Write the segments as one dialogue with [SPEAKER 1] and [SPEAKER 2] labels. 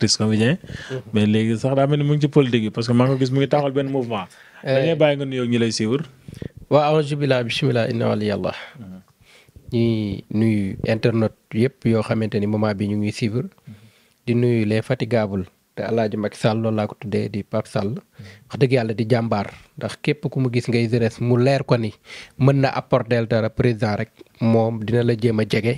[SPEAKER 1] artiste comédien mm-hmm. mais léegi sax daa mel ni mu ngi ci politique yi parce que maa ko gis mu ngi taxawal benn mouvement. Eh. da ngay
[SPEAKER 2] bàyyi nga nuyoo ñu lay siiwur. waaw alhamdulilah bisimilah inna wali allah. Mm-hmm. ñuy nuyu internet yépp yoo xamante ni moment bi ñu ngi siiwur. Mm-hmm. di nuyu les fatigables te El Hadj Macky Sall laa ko tuddee di Pape Sall dëgg yàlla di jàmbaar ndax képp ku mu gis ngay jeunesse mu leer ko ni mën na apporter dara président rek moom dina la jéem a jege.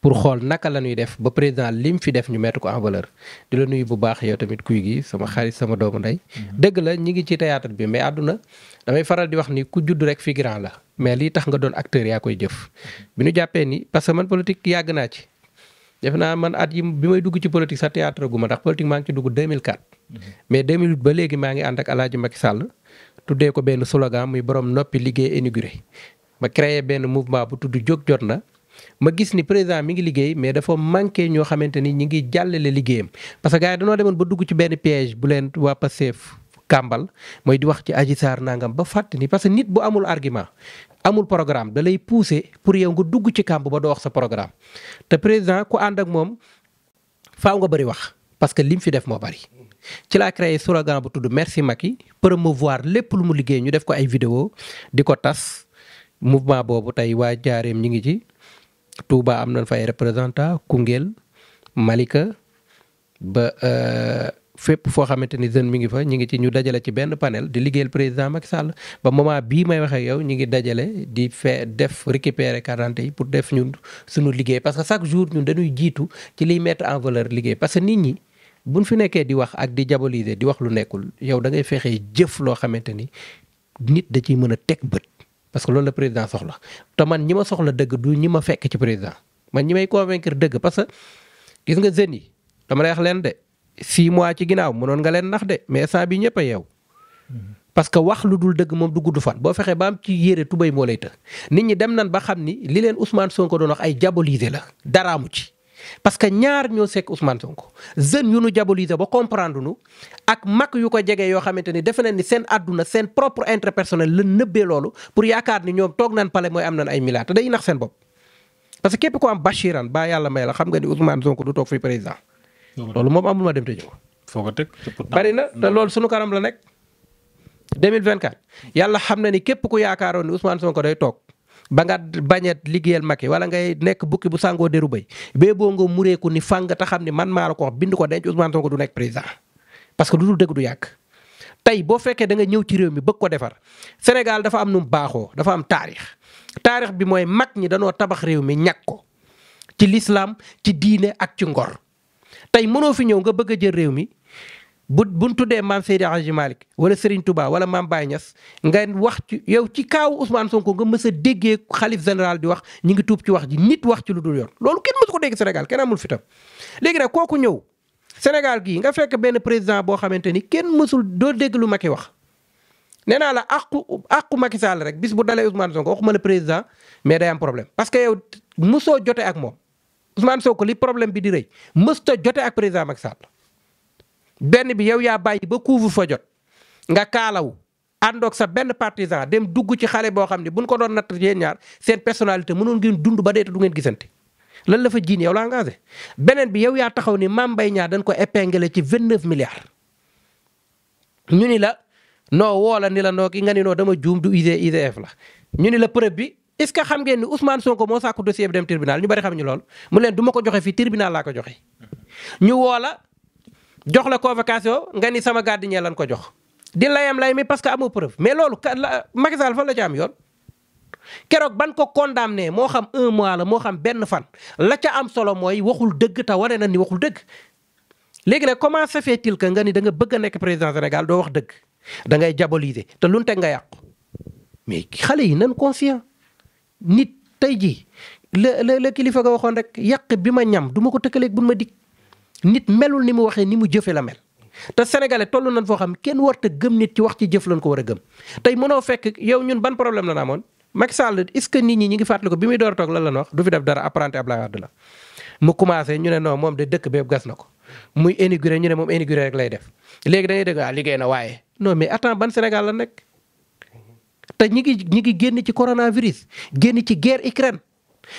[SPEAKER 2] pour xool naka la def ba président lim fi def ñu mettre ko en valeur di la nuyu bu baax yow tamit kuy gi sama xarit sama doomu ndey. Mm-hmm. dëgg la ñi ngi ci théâtre bi mais àdduna damay faral di wax ni ku judd rek figurant la mais lii tax nga doon acteur yaa koy jëf. Mm-hmm. bi ñu jàppee ni parce que man politique yàgg naa ci def naa man at yi bi may dugg ci politique sa théâtre gu ma ndax politique maa ngi ci dugg 2004. Mm-hmm. mais 2008 ba léegi maa ngi ànd ak El Hadj Macky tuddee ko benn slogan muy borom noppi liggéey inauguré ma créé benn mouvement bu tudd jóg jot na. ma gis ni président mi ngi liggéey mais dafa manqué ñoo xamante ni ñi ngi jàllale liggéeyam parce que yi dañoo demoon ba dugg ci benn piège bu leen waa Pastef kàmbal mooy di wax ci Adji Sarr nangam ba fàtt ni parce que nit bu amul argument amul programme da lay pousser pour yow nga dugg ci kàmb ba doo wax sa programme te président ku ànd ak moom faaw nga bëri wax parce que lim fi def moo bëri. ci laa créé slogan bu tudd merci Macky promouvoir lépp lu mu liggéey ñu def ko ay vidéo di ko tas mouvement boobu tey waa jaareem ñi ngi ci. Touba am nañ fa ay représentant Koungheul Malika ba euh, fépp foo xamante ni jeune mu ngi fa ñu ngi ci ñu dajale ci benn panel di liggéeyal président Macky Sall ba moment bii may waxee yow ñu ngi dajale di fee def récupérer quarante yi pour def ñun suñu liggéey parce que chaque jour ñun dañuy jiitu ci liy mettre en valeur liggéey parce que nit ñi bu buñ fi nekkee di wax ak di diaboliser di wax lu nekkul yow da ngay fexe jëf loo xamante ni nit da ciy mën a teg bët. parce que loolu la président soxla te man ñi ma soxla dëgg du ñi ma fekk ci président man ñi may convaincre dëgg parce que gis nga jeunes yi dama lay wax leen de six mois ci ginnaaw mënoon nga leen ndax de mais instant bi ñëpp a yeew parce que wax lu dul dëgg moom du gudd fan boo fexee ba am ci yére tubéy moo lay të nit ñi dem nan ba xam ni li leen Ousmane Sonko doon wax ay diabolisé la daraamu ci. parce que ñaar ñoo sekk Ousmane Sonko jeune yu nu diaboliser ba comprendre nu ak mag yu ko jege yoo xamante ni defe nañ ni seen àdduna seen propre intérêt personnel la nëbbee loolu pour yaakaar ni ñoom toog nañ pale mooy am nañ ay milliards te day nax seen bopp. parce que képp ko am Bachiran ba yàlla may la xam nga ni Ousmane Sonko du toog fi président. loolu moom amul ma dem te ñëw. na te sunu kanam la nekk. 2024 yàlla xam na ni képp ku yaakaaroon ni Ousmane ko day toog. ba nga bañ a liggéeyal yi wala ngay nekk bukki bu sangoo deru béy bee boo nga mureeku ni fàng te xam ne man maa ko bind ko denc Ousmane Sonko du nekk président parce que lu dul dëgg du yàgg. tey boo fekkee dangay ñëw ci réew mi bëgg ko defar Sénégal dafa am nu mu baaxoo dafa am taarix taarix bi mooy mag ñi danoo tabax réew mi ñàkk ko ci lislaam ci diine ak ci ngor tey mënoo fi ñëw nga bëgg a jël réew mi bu buntu dee maam Seydi Hadji Malick wala Serigne tubaa wala maam Baye Niass nga wax ci yow ci kaawu Ousmane Sonko nga mës a déggee xalif général di wax ñu ngi tuub ci wax ji nit wax ci lu dul yoon loolu kenn mësu ko dégg Sénégal kenn amul fitam léegi nag kooku ñëw Sénégal gii nga fekk benn président boo xamante ni kenn mësul doo dégg lu Macky wax nee naa la àqu àqu Macky Sall rek bis bu dalee Ousmane Sonko waxuma la président mais day am parce que yow mosoo jote ak moom Ousmane li problème bi di rëy mësta jote ak président Macky benn bi yow yaa bàyyi ba couvre-feu jot nga kaalaw àndoog sa benn partisan dem dugg ci xale boo xam ne buñ ko doon natt yéen ñaar seen personalité mënoon ngeen dund ba dee te du ngeen gisante lan la fa jiin yow la engagé beneen bi yow yaa taxaw ni Mame Mbaye Niang dañ ko épinglé ci vingt neuf milliards ñu ni la noo woo la ni la noo ki nga ni noo dama juum du IGF e, e la ñu ni la preuve bi est ce que xam ngeen ni Ousmane Sonko moo sàkku dossier bi dem ñu bari xam ñu lool mu leen du ma ko joxe fii tribunal laa ko joxe ñu jox la convocation nga ni sama gardien lan ko jox. di layam lay mi parce que amoo preuve mais loolu ka la Macky Sall fan la ca am yoon keroog ban ko condamné moo xam un mois la moo xam benn fan la ca am solo mooy waxul dëgg te wane na ni waxul dëgg. léegi nag comment se fait nga ni da nga bëgg a nekk président Sénégal doo wax dëgg da ngay diaboliser te lu teg nga yàqu mais xale yi nan conscient nit tey jii la la kilifa nga waxoon rek yàq bi ma ñam du ma ko tëkkaleeg bu ma dikk. nit melul ni mu waxee ni mu jëfee la mel te sénégalais toll nañ foo xam kenn warta gëm nit ci wax ci jëf lañ ko war a gëm tey mënoo fekk yow ñun ban problème la na amoon mag Sall est-ce que nit ñi ñi ngi fàttali ko bi muy door a toog lan la wax du fi def dara apprenti Abdoulaye Wade la mu commencé ñu ne non moom de dëkk bépp gas na ko muy inauguré ñu ne moom inauguré rek lay def léegi da ngay dégg ah, liggéey na waaye non mais attends ban Sénégal la nekk te ñi ngi ñi ngi génn ci coronavirus génn ci guerre Ukraine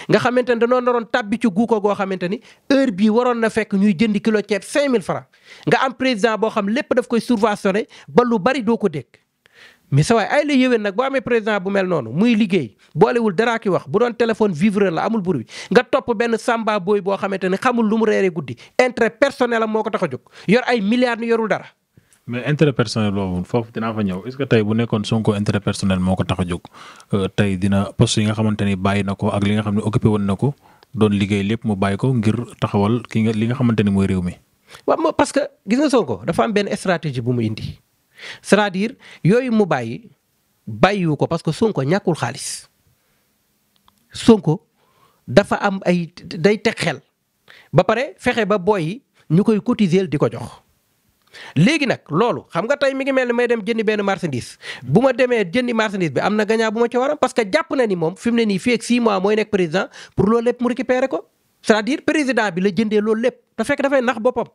[SPEAKER 2] nga xamante ne danoo naroon tàbbi ci guuko goo xamante ni heure bi waroon na fekk ñuy jënd kilo ceeb 5000 francs nga am président boo xam lépp daf koy subventionné ba lu bari doo ko dégg. mais sa ay la yéwén nag boo amee président bu mel noonu muy liggéey boolewul dara ki wax bu doon téléphone vivre la amul bruit nga topp benn samba booy boo xamante ne xamul lu mu reeree guddi intérêt personnel am moo ko tax a jóg yor ay milliards ni yorul dara.
[SPEAKER 1] mais intérêt personnel foofu dinaa fa ñëw est ce que bu nekkoon Sonko intérêt personnel moo ko tax a jóg euh, tey dina poste yi nga xamante ni bàyyi na ko ak li nga xam ne occupé woon na ko doon liggéey lépp mu bàyyi ko ngir taxawal ki nga li nga xamante ni mooy réew mi.
[SPEAKER 2] waaw parce que gis nga Sonko dafa am benn stratégie bu mu indi cest à yooyu mu bàyyi bàyyiwu ko parce que Sonko ñàkkul xaalis Sonko dafa am ay day teg xel ba pare fexe ba booy ñu koy cotiser di ko jox. léegi nag loolu xam nga tey mi ngi mel ni may dem jëndi benn marchandise bu ma demee jëndi marchandise bi am na gañaa bu ma ci waram parce que jàpp na ni moom fi mu ne nii fii ak 6 mois mooy nekk président pour loolu lépp mu récupérer ko cest à président bi la jëndee loolu lépp te fekk dafay nax boppam.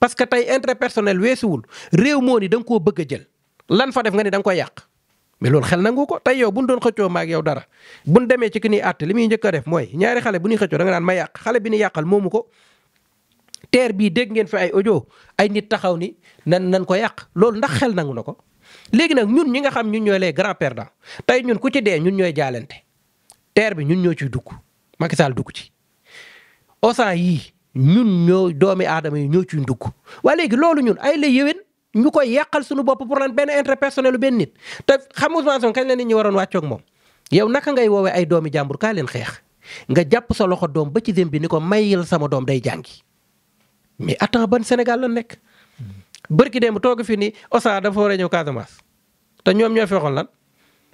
[SPEAKER 2] parce que tey intérêt personnel weesuwul réew moo ni danga nga koo bëgg jël lan fa def nga ni da nga koy yàq mais loolu xel nangu ko tey yow bu ñu doon xëccoo maag yow dara bu demee ci ki ñuy li muy njëkk def mooy ñaari xale bu ñuy xëccoo da nga naan ma yàq xale bi ñu yàqal moomu ko teer bii dégg ngeen fi ay ojo ay nit taxaw ni nan nan ko yàq loolu ndax xel nangu na ko léegi nag ñun ñi nga xam ñun ñooy les grands perdants tey ñun ku ci dee ñun ñooy jaalante teer bi ñun ñoo ciy dugg Macky Sall dugg ci osan yii ñun ñoo doomi aadama yi ñoo ciy dugg waaye léegi loolu ñun ay la yéwén ñu koy yàqal suñu bopp pour lan benn intérêt personnel benn nit te xam Ousmane Sonko kañ la nit ñi waroon wàccoog moom yow naka ngay woowe ay doomi jàmbur kaaleen xeex nga jàpp sa loxo doom ba ci dem bi ni ko mayil sama doom day jàngi mais attends ban Sénégal la nekk. bërki démb toog fi ni Osa dafa war a ñëw Casamance te ñoom ñoo fi waxoon lan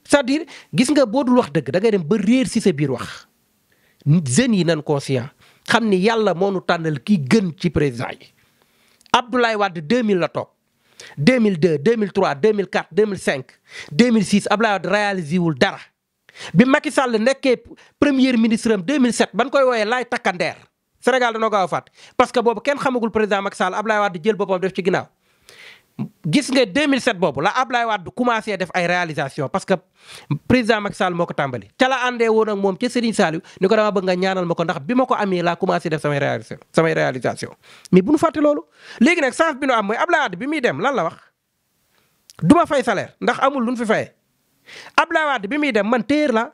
[SPEAKER 2] c'est-à-dire gis nga boo dul wax dëgg da dem ba si sa biir wax jeunes yi nan conscient xam ni yàlla moo nu tànnal kii gën ci président yi Abdoulaye Wade 2000 la toog 2002 2003 2004 2005 2006 Abdoulaye Wade réalisé wul dara bi Macky Sall nekkee premier ministre am 2007 ban koy wooyee Laye Takkandeer Sénégal danoo gaaw a fàtt parce que boobu kenn xamagul président Macky Sall Ablaye Wade jël boppam def ci ginnaaw gis nga 2007 boobu la Ablaye Wade commencé def ay réalisation parce que président Macky Sall moo ko tàmbali ca la àndee woon ak moom ca Serigne Saliou ni ko dama bëgg nga ñaanal ma ko ndax bi ma ko amee laa commencé def samay réalisation samay réalisation mais bu nu fàtte loolu léegi nag chance bi nu am mooy Ablaye Wade bi muy dem lan la wax duma fay salaire ndax amul lu ñu fi fayee Ablaye bi muy dem man téer la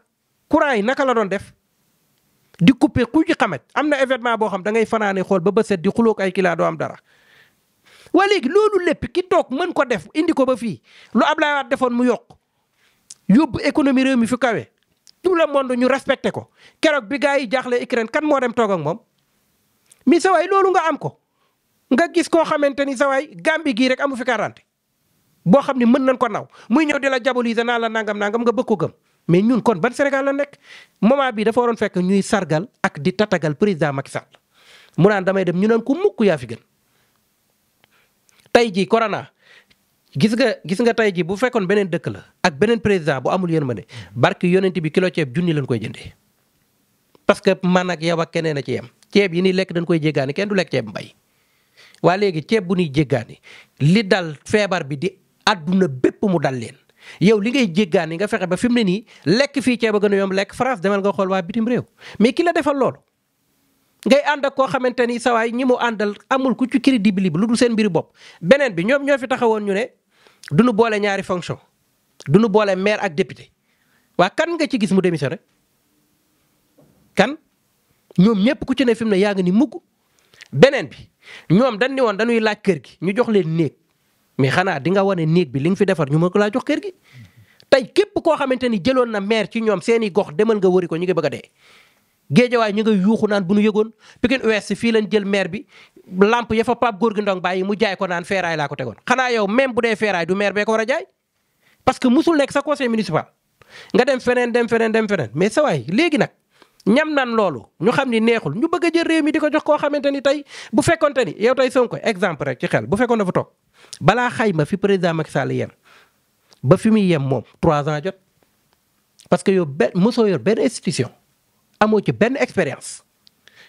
[SPEAKER 2] courant yi naka la doon def di couper ku ci xamet am na événement boo xam da ngay fanaane xool ba ba set di xuloog ay kilaa doo am dara. waa léegi loolu lépp ki toog mën ko def indi ko ba fii lu Ablaye Wade defoon mu yokk yóbbu économie réew mi fi kawee tout le monde ñu respecté ko keroog bi gars yi jaaxle Ukraine kan moo dem toog ak moom mi sa loolu nga am ko nga gis koo xamante ni sa waay Gambie rek amu fi 40 boo xam ni mën nañ ko naw muy ñëw di la diaboliser naa la nangam nangam nga bëgg ko mais ñun kon ban Sénégal la nekk moment bii dafa waroon fekk ñuy sargal ak di tatagal président Macky Sall mu naan damay dem ñu naan ko mukk yaa fi gën. tey jii corona gis nga gis nga tey jii bu fekkoon beneen dëkk la ak beneen président bu amul ma yërmande barke yonent bi kilo ceeb junni lañ koy jëndee parce que man ak yow keneen a ci yem ceeb yi ni lekk dañ koy jéggaani kenn du lekk ceeb mbay. waa léegi ceeb bu ñuy jéggaani li dal feebar bi di àdduna bépp mu dal yow li ngay jéggaani nga fexe ba fi mu ne nii lekk fii ceeb a lekk France demal nga xool waa bitim réew mais ki la defal loolu ngay ànd ak koo xamante ni sawaay ñi mu àndal amul ku ci crédible bi lu dul seen mbiri bopp beneen bi ñoom ñoo fi taxawoon ñu ne du nu boole ñaari fonction du nu boole maire ak député waa kan nga ci gis mu démissionné kan ñoom ñëpp ku ci ne fi mu ni mugg beneen bi ñoom dañ ni woon dañuy laaj kër gi ñu jox leen néeg mais xanaa di nga wane néeg bi li nga fi defar ñu mën ko laa jox kër gi tey képp koo xamante ni jëloon na maire ci ñoom seeni gox demal nga wëri ko ñu ngi bëgg a dee géejawaay ñu nga yuuxu naan bu nu yëgoon Pikine si fii lañ jël maire bi lamp ya fa Pape Gorgui Ndong yi mu jaay ko naan feeraay laa ko tegoon xanaa yow même bu dee feeraay du maire bee ko war a jaay parce que musul nekk sa conseil municipal nga dem feneen dem feneen mais sa waay léegi nag ñam nan loolu ñu xam ni neexul ñu bëgg a jël réew mi di ko jox koo xamante ni tey bu fekkonte ni yow tey Sonko exemple rek ci bu fekkoon dafa toog balaa xayma fi président Macky Sall yem ba fi muy yem moom trois ans jot parce que yow benn mosoo yor benn institution amoo ci benn expérience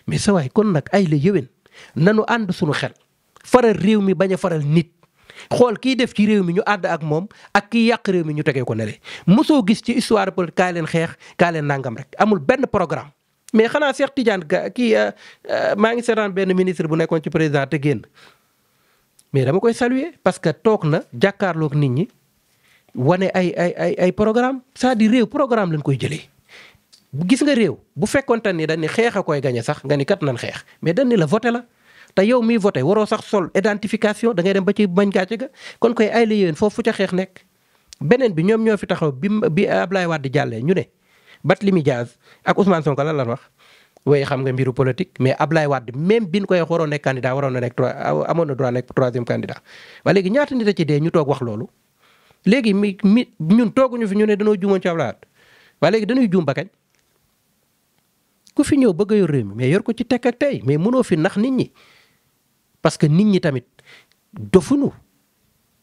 [SPEAKER 2] mais sa waay kon nag ay la yëwén nanu ànd suñu xel faral réew mi bañ a faral nit xool kiy def ci réew mi ñu àdd ak moom ak ki yàq réew mi ñu tegee ko nele mosoo gis ci histoire politique kaa leen xeex kaa leen nangam rek amul benn programme mais xanaa Cheikh Tidiane ga kii euh, euh, maa ngi seetaan benn ministre bu nekkoon ci président te mais dama koy saluer parce que toog na jàkkaarlook nit ñi wane ay ay ay ay programme c'est-à-dire réew programme lañ koy jëlee. gis nga réew bu fekkonte ni dañ ni xeex a koy gañe sax nga ni kat nan xeex mais dañ ni la voté la te yow miy voté waroo sax sol identification dangay dem ba ci bañ gàcce ga kon koy ay la yéen foofu ca xeex nekk. beneen bi ñoom ñoo fi taxaw bi bi ab Ablaye Wade jàllee ñu ne Barthélémy Dias ak Ousmane Sonko lan la wax. way xam nga mbiru politique mais Ablaye Wade même bi ñu koy waroon nekk candidat waroon na nekk trois amoon na droit léegi ñaata nit a ci dee ñu toog wax loolu léegi mi mi ñun tooguñu fi ñu ne dañoo juumoon ci Ablaye Wade léegi dañuy juum ba kañ ku fi ñëw bëgg a yor réew mi mais yor ko ci tekk tey mais mënoo fi nax nit ñi parce que nit ñi tamit dofuñu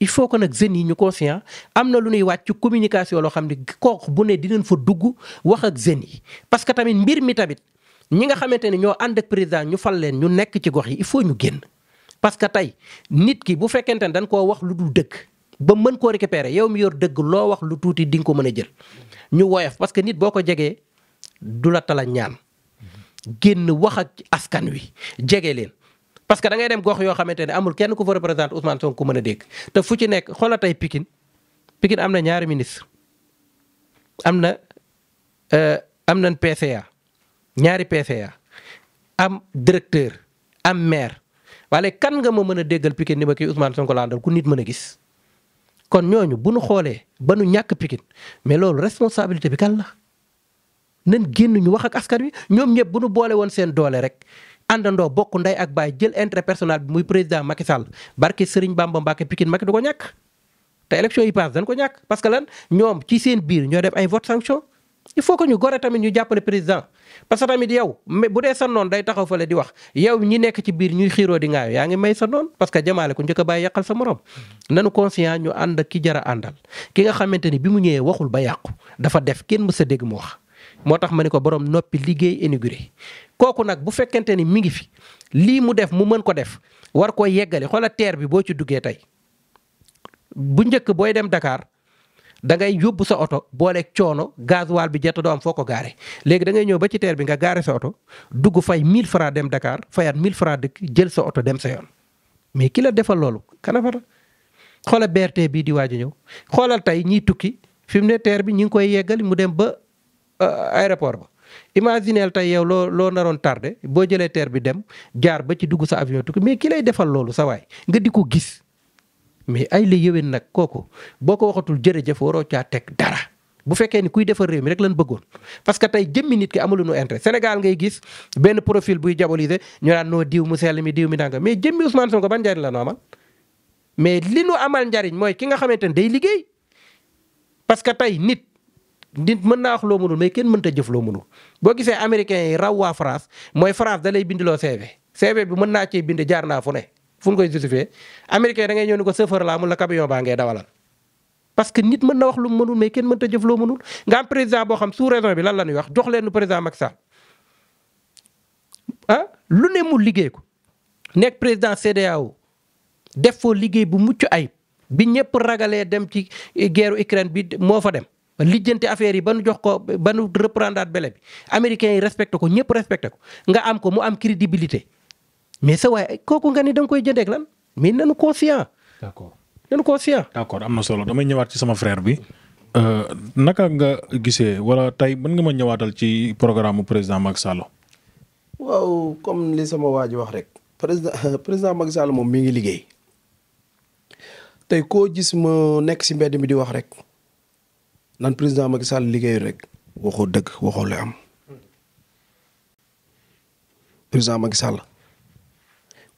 [SPEAKER 2] il faut que nag jeunes yi ñu conscient am na lu ñuy wàcc communication loo xam ne kooku bu ne dinañ fa dugg wax ak jeunes yi parce que tamit mbir mi tamit. ñi nga xamante ni ñoo ànd président ñu fal leen ñu nekk ci gox yi il faut ñu génn parce que tey nit ki bu fekkente ne dañ koo wax lu dul dëgg ba mën koo récupérer yow mi yor dëgg loo wax lu tuuti di nga ko mën a jël ñu woyof parce que nit boo ko jegee du la tala ñaan génn wax ak askan wi jege leen. parce que da ngay dem gox yoo xamante ne amul kenn ku fa représente Ousmane Sonko ku mën a dégg te fu ci nekk xoola tey pikin Pikine am na ñaari ministre am na euh, am na PCA. ñaari PCA am directeur am maire wala kan nga ma mën a déggal Pikine ni ma kii Ousmane Sonko laa àndal ku nit mën a gis. kon ñooñu bu nu xoolee ba nu ñàkk Pikine mais loolu responsabilité bi kan la nañ génn ñu wax ak askan wi ñoom ñëpp bu nu boole woon seen doole rek. àndandoo bokk ndey ak baay jël intérêt personnel bi muy président Macky Sall barke sëriñ Bamba Mbacke Pikine Macky du ko ñàkk te élection yi passe dañ ko ñàkk parce que lan ñoom ci seen biir ñoo def ay vote sanction il faut que ñu gore tamit ñu jàppale président parce que tamit yow bu dee sa noon day taxaw fale di wax yow ñi nekk ci biir ñuy xiiroo di ngaayo yaa ngi may sa noon parce que jamaale ko njëkk a yàqal sa morom nanu conscient ñu ànd ak ki jara àndal ki nga xamante ni bi mu ñëwee waxul ba yàqu dafa def kenn mës a dégg mu wax moo tax ma ne ko borom noppi liggéey inauguré kooku nag bu fekkente ni mi ngi fi lii mu def mu mën ko def war ko yeggale xoola teer bi boo ci duggee tey bu njëkk booy dem Dakar da ngay yóbbu sa oto booleeg coono gasoil bi jot doo am foo ko gaare léegi dangay ñëw ba ci teer bi nga gaare sa oto dugg fay 1000 francs dem Dakar fayaat 1000 francs dëkk jël sa oto dem sa yoon mais ki defal loolu kana fa xoolal BRT bii di waaj a ñëw xoolal tey ñiy tukki fi mu bi ñu ngi koy yeggali mu dem ba euh, aéroport ba. imagineel tey yow loo loo naroon tardé boo jëlee teer bi dem jaar ba ci dugg sa avion mais ki lay defal loolu sa waay nga di ko gis. mais ay la yëwén nag kooku boo ko waxatul jërëjëf waroo caa teg dara bu fekkee ni kuy defar réew mi rek lan bëggoon parce que tey jëmmi nit ki amulu nu intérêt Sénégal ngay gis benn profil buy diaboliser ñu naan noo diw mu sell mi diw mi nanga mais jëmmi Ousmane Sonko ban njariñ la nu amal mais li nu amal njariñ mooy ki nga xamante ne day liggéey parce que tey nit nit mën naa wax loo mënul mais kenn mënta jëf loo mënul boo gisee américains yi raw waa France mooy France da bindiloo CV CV bi mën naa cee bind jaar naa fu ne fu ñu koy justifier américain da ngay ñëw ni ko chauffeur laa mun la camion baa ngay dawalal parce que nit mën na wax lu mu mënul mais kenn mënta jëf loo mënul nga am président boo xam sous raison bi lan la ñuy wax jox leen président Macky Sall ah lu ne mu liggéey ko nekk président CEDEAO def foo liggéey bu mucc ay bi ñëpp ragalee dem ci guerre Ukraine bi moo fa dem. lijjanti affaire yi ba nu jox ko ba nu reprendre at bele bi américains yi respecté ko ñëpp respecté ko nga am ko mu am crédibilité. mais sa waay kooku nga ni da nga koy jëndeek lan mais nanu conscient. d'accord nanu conscient. d'accord am na solo damay ñëwaat ci sama frère bi.
[SPEAKER 1] Euh, naka nga gisee wala tey mën nga ma ñëwaatal ci programme mu président Macky
[SPEAKER 3] Sall. waaw comme sama waa ji wax rek. président euh, président Macky Sall moom mi ngi liggéey. tey koo gis ma nekk si mbedd mi di wax rek. nan président Macky Sall liggéeyu rek. waxoo dëgg waxoo la am. président Macky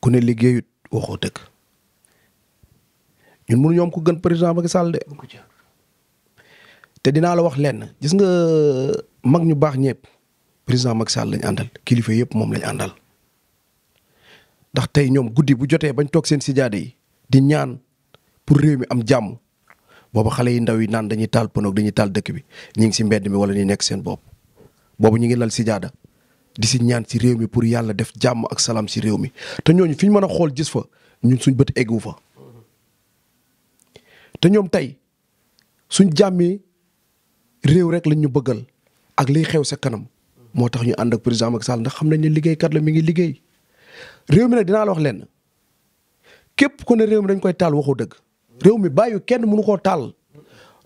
[SPEAKER 3] ku ne liggéeyut waxoo dëkk ñun mënuñoo am ku gën président Macky Sall de. te dinaa la wax lenn gis nga mag ñu baax ñëpp président Macky Sall lañ àndal kilifa yëpp moom lañ àndal ndax tey ñoom guddi bu jotee bañ toog seen sijaade yi di ñaan pour réew mi am jàmm boobu xale yi ndaw yi naan dañuy taal pneu dañuy taal dëkk bi ñu ngi si mbedd mi wala ñu nekk seen bopp boobu ñu ngi lal sijaada di si ñaan si réew mi pour yàlla def jàmm ak salaam si réew mi te ñooñu fi ñu mën a xool gis fa ñun suñ bëtt eggu fa. te ñoom tey suñ jàmmee réew rek lañ ñu bëggal ak liy xew sa kanam moo tax ñu ànd ak président Macky Sall ndax xam nañ ne liggéeykat la mi ngi liggéey réew mi nag dinaa la wax lenn képp ku ne réew mi dañ koy taal waxoo dëgg réew mi bàyyi kenn mënu koo taal.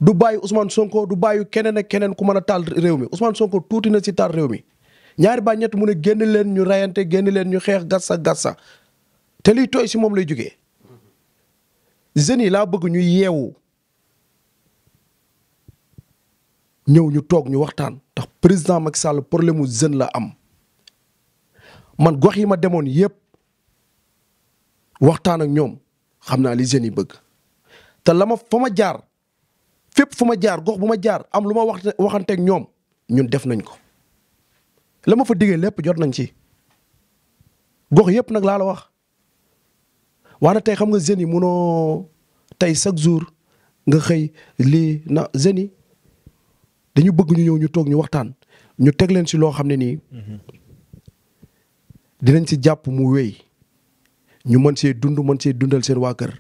[SPEAKER 3] du bàyyi Ousmane Sonko du bàyyi keneen ak keneen ku mën a taal réew mi Ousmane Sonko tuuti na si taal réew mi ñaari baat ñett mu ne génne leen ñu rayante génne leen ñu xeex gasa gassa te liy tooy si moom lay jógee jeunes yi laa bëgg ñu yeewu ñëw ñu toog ñu waxtaan ndax président Macky Sall problème mu jeune la am man gox yi ma demoon yëpp waxtaan ak ñoom xam naa li jeunes yi bëgg te la ma fa ma jaar fépp fu ma jaar gox bu ma jaar am lu ma wax waxanteeg ñoom ñun def nañ ko. la ma fa diggee lépp jot nañ ci gox yëpp nag laa la wax waaye tey xam nga jeunes yi munoo tey chaque jour nga xëy lii na jeunes yi dañu bëgg ñu ñëw ñu toog ñu waxtaan ñu teg leen si loo xam ne nii dinañ si jàpp mu wéy ñu mën see dund mën see dundal seen waa kër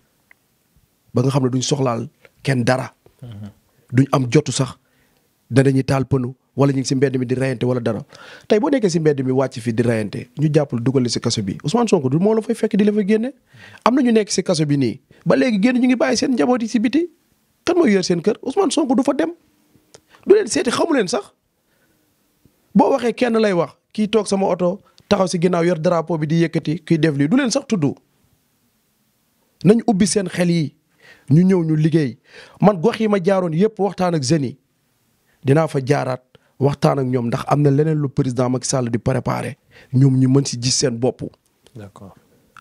[SPEAKER 3] ba nga xam ne duñ soxlaal kenn dara mhm. duñ am jotu sax danañu taal pënu wala ñu ngi si mbedd mi di rayante wala dara tey boo nekkee si mbedd mi wàcc fi di rayante ñu jàppal dugal si kaso bi Ousmane Sonko du moo la fay fekk di la fa génne am na ñu nekk si kaso bi nii ba léegi génn ñu ngi bàyyi seen njaboot yi si biti kan mooy yor seen kër Ousmane Sonko du fa dem du leen seeti xamu leen sax boo waxee kenn lay wax kii toog sama oto taxaw si ginnaaw yor drapeau bi di yëkkati kii def lii du leen sax tudd nañ ubbi seen xel yi ñu ñëw ñu liggéey man gox yi ma jaaroon yëpp waxtaan ak jeunes yi dinaa fa jaaraat. waxtaan ak ñoom ndax am na leneen lu président Macky sàll di préparé ñoom ñu mën si gis seen bopp. d'accord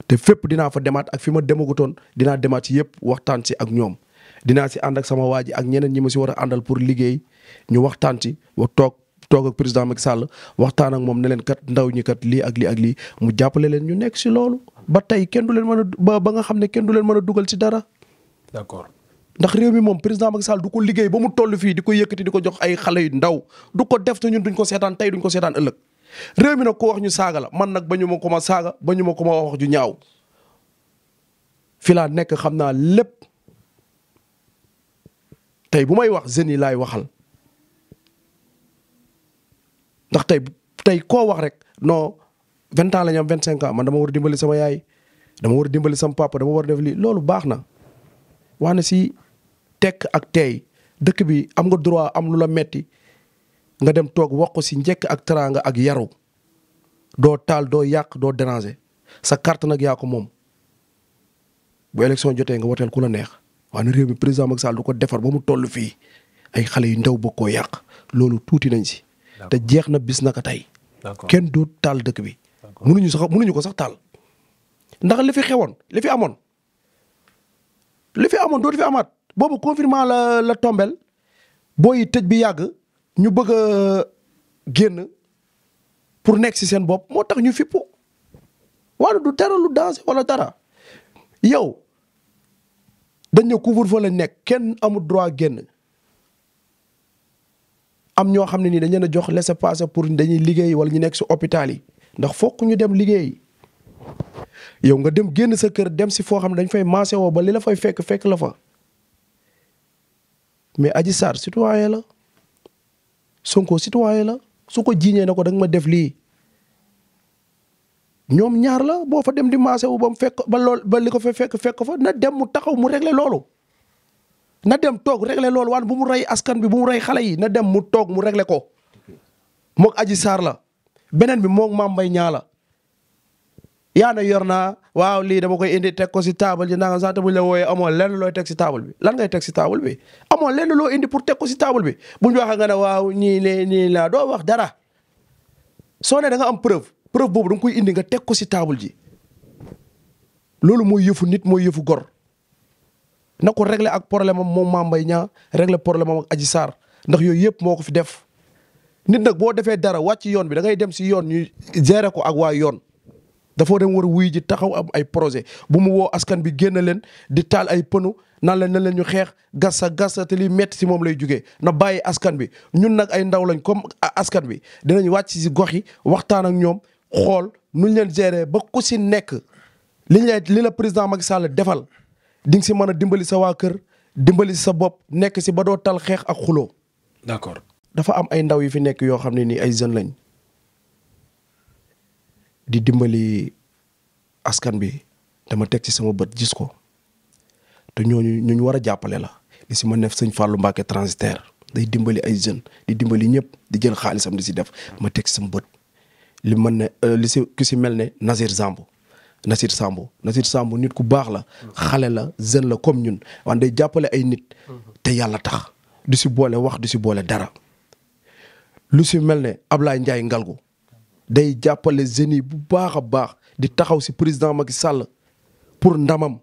[SPEAKER 3] te fépp dinaa fa demaat ak fi ma demagutoon dinaa demaat si yëpp waxtaan si ak ñoom dinaa si ànd ak sama waa ji ak ñeneen ñi ma si war a àndal pour liggéey ñu waxtaan si wa toog toog ak président Macky Sall waxtaan ak moom ne leen kat ndaw ñi kat lii ak lii ak lii mu jàppale leen ñu nekk si loolu. ba tey kenn du leen mën a ba ba nga xam ne kenn du leen mën a dugal si dara. d'accord. ndax réew mi moom président Macky Sall du ko liggéey ba mu toll fii di ko yëkkati di ko jox ay xale yu ndaw du ko def te ñun duñ ko seetaan tey duñ ko seetaan ëllëg réew mi nag ko wax ñu saaga la man nag ba ñu ma ko ma saaga ba ñu ma ko ma wax ju ñaaw fi nekk xam naa lépp tey bu may wax jeunes laay waxal ndax tey tey koo wax rek non vingt ans la ñu vingt cinq ans man dama war dimbali sama yaay dama war dimbali sama papa dama war def lii loolu baax na. tekk ak tey dëkk bi am nga droit am lu la metti nga dem toog wax ko si njëkk ak teraanga ak yaru doo taal doo yàq doo déranger sa carte nag yaa ko moom bu élection jotee nga woteel ku la neex waaye na réew mi président Macky Sall du ko defar ba mu toll fii ay xale yu ndaw bëgg koo yàq loolu tuuti nañ si. te jeex na bis na naka tey. kenn du taal dëkk bi. mënuñu sax mënuñu ko sax taal. ndax li fi xewoon li fi amoon li fi amoon dootu fi amaat. boobu confinement la la tombel booy tëj bi yàgg ñu bëgg a génn pour nekk si seen bopp moo tax ñu fippu wala du dara lu danse wala dara yow dañ ne couvre-feu lañ nekk kenn amul droit génn am ñoo xam ne nii dañ leen a jox laissez-passer pour dañuy liggéey wala ñu nekk si hôpital yi ndax fokk ñu dem liggéey yow nga dem génn sa kër dem si foo xam ne dañ fay maase woo ba li la fay fekk fekk la fa. mais Adji Sarr citoyen la Sonko citoyen la su ko jiiñee na ko danga ma def lii ñoom ñaar la boo fa dem di maase wu ba mu fekk ba lool ba li ko fa fekk fekk fa na dem mu taxaw mu régler loolu. na dem toog régler loolu waan bu mu rey askan bi bu mu rey xale yi na dem mu toog mu régler ko moog aji Sarr la beneen bi moog Mame Mbaye Niang la yaa na yor naa waaw lii dama koy indi teg ko si table ji nangam saata te buñ la wooyee amoo lenn looy teg si table bi lan ngay teg si table bi amoon lenn loo indi pour teg ko si table bi buñ waxee nga ne waaw ñii ne nii laa doo wax dara soo ne da am preuve preuve boobu da nga koy indi nga teg ko si table ji loolu mooy yëfu nit mooy yëfu gor na ko régler ak problème am moom Mame Mbaye Niang régler problème am ak Adji Sarr ndax yooyu yëpp moo ko fi def nit nag boo defee dara wàcc yoon bi da ngay dem si yoon ñu ko ak waa yoon. dafa dem war a wuy ji taxaw am ay projet bu mu woo askan bi génn leen di taal ay pënu nan la nan leen ñu xeex gassa gassa te liy métti si moom lay jugee na bàyyi askan bi ñun nag ay ndaw lañ comme askan bi dinañ wàcc si gox yi waxtaan ak ñoom xool nuñ leen gérer ba ku si nekk liñ li la président Macky Sall defal di nga si mën a dimbali sa waa kër dimbali sa bopp nekk si ba doo tal xeex ak xuloo d'accord dafa am ay ndaw yu fi nekk yoo xam ne nii ay jeunes lañ di dimbali askan bi dama teg ci sama bët gis ko te ñooñu ñu ñu war a jàppale la li si ma neef sëñ Fallou Mbacké transitaire day dimbali ay jeunes di dimbali ñëpp di jël xaalisam di si def ma teg ci sama bët li mën ne euh, li si ki si mel ne Nazir Zambo Nazir Sambo Nazir Sambo nit ku baax la. xale la jeune la comme ñun wan day jàppale ay nit. te yàlla tax du si boole wax du si boole dara. lu si mel ne Ablaye Ndiaye Ngalgu day jàppale jeunes yi bu baax a baax di taxaw si président Macky Sall pour ndamam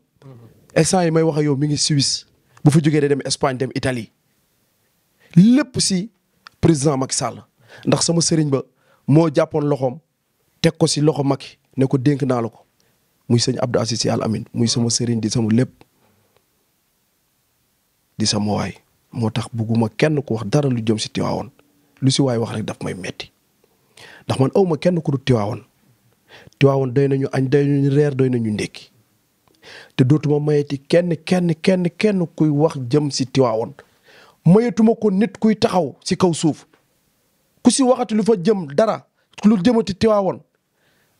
[SPEAKER 3] instant yi may wax ak yow mi ngi Suisse bu fi jógee day dem Espagne dem Italie lépp si président Macky Sall ndax sama sëriñ ba moo jàppoon loxoom teg ko si loxo Macky ne ko dénk naa la ko muy sëñ Abdou Aziz Sy Al muy sama sëriñ di sama lépp di sama waay moo tax bugguma kenn ku wax dara lu jëm si Tiwaawoon lu si waaye wax rek daf may metti ndax man awma kenn ku du tiwaawoon tiwaawoon doy nañu añ doy nañu reer doy nañu ndékki te dootuma mayeti kenn kenn kenn kenn kuy wax jëm si tiwaawoon mayetuma ko nit kuy taxaw si kaw suuf ku si waxati lu fa jëm dara lu jëmati tiwaawoon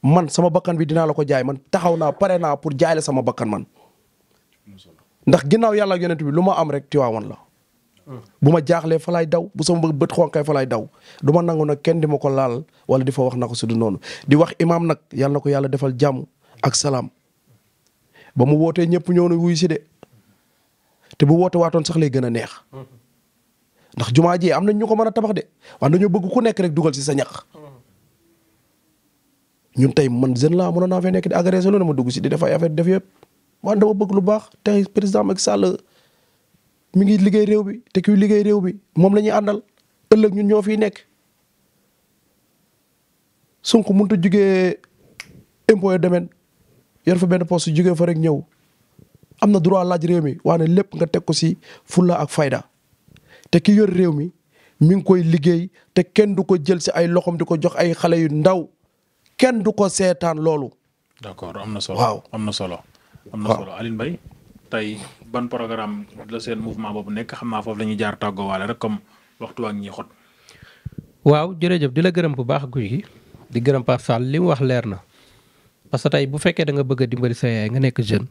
[SPEAKER 3] man sama bakkan bi dinaa la ko jaay man taxaw naa pare naa pour jaay la sama bakkan man ndax ginnaaw yàlla ak bi lu ma am rek tiwaawoon la bu ma jaaxlee fa laay daw bu sama bët xonkee fa laay daw du ma nangu nag kenn di ma ko laal wala di fa wax na ko su noonu di wax imaam nag yàlla na ko yàlla defal jàmm ak salaam ba mu wootee ñëpp ñëw na wuyu si de te bu woote waatoon sax lay gën a neex ndax jumaa ji am na ñu ko man a tabax de waaye dañoo bëgg ku nekk rek dugal si sa ñax ñun tey man jeune laa mënoon naa fee nekk di agressé lu ma dugg si di def ay def yëpp waaye dama bëgg lu mi ngi liggéey réew bi te kuy liggéey réew bi moom la ñuy àndal ëllëg ñun ñoo fiy nekk Sonko mënut a jugee impôt domaine yor fa benn poste jugee fa rek ñëw am na droit laaj réew mi waaye lépp nga teg ko si fulla ak fayda te ki yor réew mi mi ngi koy liggéey te kenn du ko jël si ay loxom di ko jox ay xale yu ndaw kenn du ko seetaan loolu.
[SPEAKER 1] d'accord am na solo waaw am na solo. am na solo Alioune Mbaye ban programme la seen mouvement boobu nekk xam naa foofu la ñuy jaar tàggoowaale rek comme waxtu waa ñuy xot.
[SPEAKER 2] waaw jërëjëf di la gërëm bu baax guy gi di gërëm Pape Sall li mu wax leer na parce que tey bu fekkee da nga bëgg a dimbali sa yaay nga nekk jeune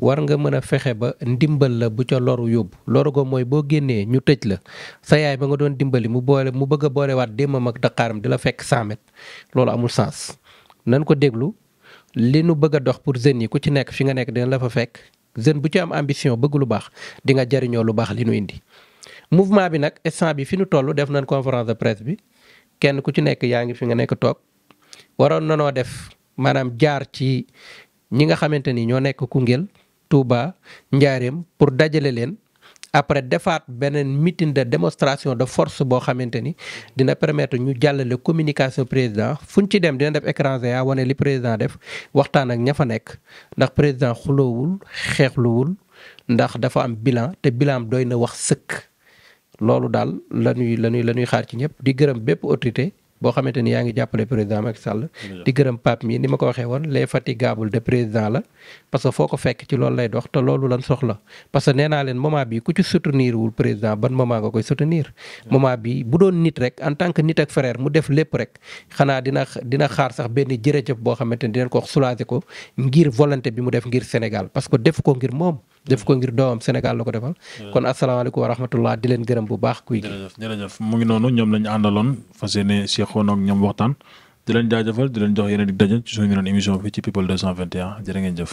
[SPEAKER 2] war nga mën a fexe ba ndimbal la bu ca loru yóbbu loru ko mooy boo génnee ñu tëj la sa yaay ba nga doon dimbali mu boole mu bëgg a boolewaat démbam ak daqaaram di la fekk 100 loolu amul sens. nan ko déglu li bëgg dox pour jeunes yi ku ci nekk fi nga nekk dina la fa fekk. jeune bu ci am ambition bëgg lu baax dinga jariñoo lu baax li nu indi. mouvement bi nag instant bi fi nu toll def nañ conférence de presse bi kenn ku ci nekk yaa ngi fi nga nekk toog waroon nanoo def maanaam jaar ci ñi nga xamante ni ñoo nekk Koungheul Touba Njaareem pour dajale leen. après defaat beneen meeting de démonstration de force boo xamante ni dina permettre ñu jàllale communication président fu ñu ci dem dina def écran géant wane li président def waxtaan ak ña fa nekk ndax président xuloowul xeexluwul ndax dafa am bilan te bilan doy na wax sëkk. loolu daal la ñuy la ñuy la ñuy xaar ci ñëpp di gërëm bépp autorité boo xamante ni yaa ngi jàppale président Macky Sall. di gërëm Pape mi ni ma ko waxee woon les fatigables de président la. parce que foo ko fekk ci loolu lay dox te loolu lan soxla parce que nee leen moment bi ku ci soutenir président ban moment nga koy soutenir. moment bi bu doon nit rek en tant que nit ak frère mu def lépp rek xanaa dina xaar sax benn jërëjëf boo xamante ni dinañ ko wax ko ngir volonté bi mu def ngir Sénégal parce que def ko ngir moom. def ko ngir doomam Sénégal
[SPEAKER 1] seqoon ak ñoom waxtaan di leen jaajëfal di leen jox yeneen di daje ci suñu yeneen émission bi ci people 221 jërë ngeen jëf.